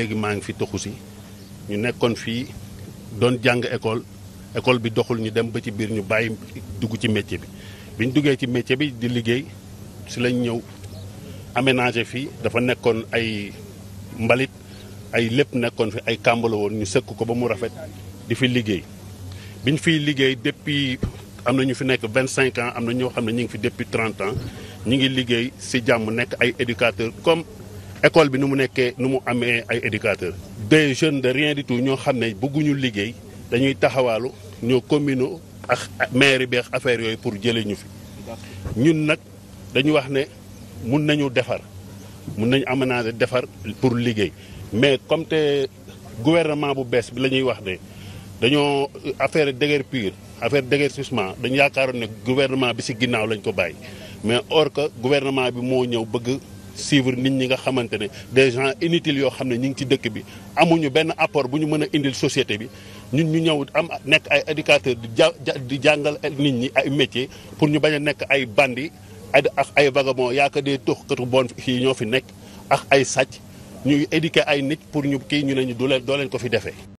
léegi maa ngi fi toxu si ñu nekkoon fii doon jàng école école bi doxul ñu dem ba ci biir ñu bàyyi dugg ci métier bi bi ñu duggee ci métier bi di liggéey si lañ ñëw aménager fii dafa nekkoon ay mbalit ay lépp nekkoon fi ay kàmbala woon ñu sëkk ko ba mu rafet di fi liggéey biñ fiy liggéey depuis am na ñu fi nekk vingt cinq ans am na ñoo xam ne ñu ngi fi depuis trente ans ñu ngi liggéey si jàmm nekk ay éducateur comme école bi nu mu nekkee nu mu amee ay éducateurs des jeunes de rien du ñoo xam ne bëgguñu liggéey dañuy taxawaalu ñoo communaux ak maire beex affaire yooyu pour jëlee ñu fi ñun nag dañu wax ne mun nañu defar mun nañu aménager defar pour liggéey mais comme te gouvernement bu bees bi la ñuy wax ne dañoo affaire déguerpir affaire déguerpissement dañu yaakaaroon ne gouvernement bi ci ginnaaw lañ ko bàyyi mais or que gouvernement bi moo ñëw bëgg suivre nit ñi nga xamante ne des gens inutiles yoo xam ne ñu ngi ci dëkk bi amuñu benn apport bu ñu mën a indil société bi ñun ñu ñëw am nekk ay éducateur di ja di jàngal nit ñi ay métier pour ñu bañ a nekk ay bandi ak ay vagabond yaakaar dee tuxkatu bon fii ñoo fi nekk ak ay sàcc ñuy éduquer ay nit pour ñu kii ñu ne ñu du leen doo leen ko fi defee.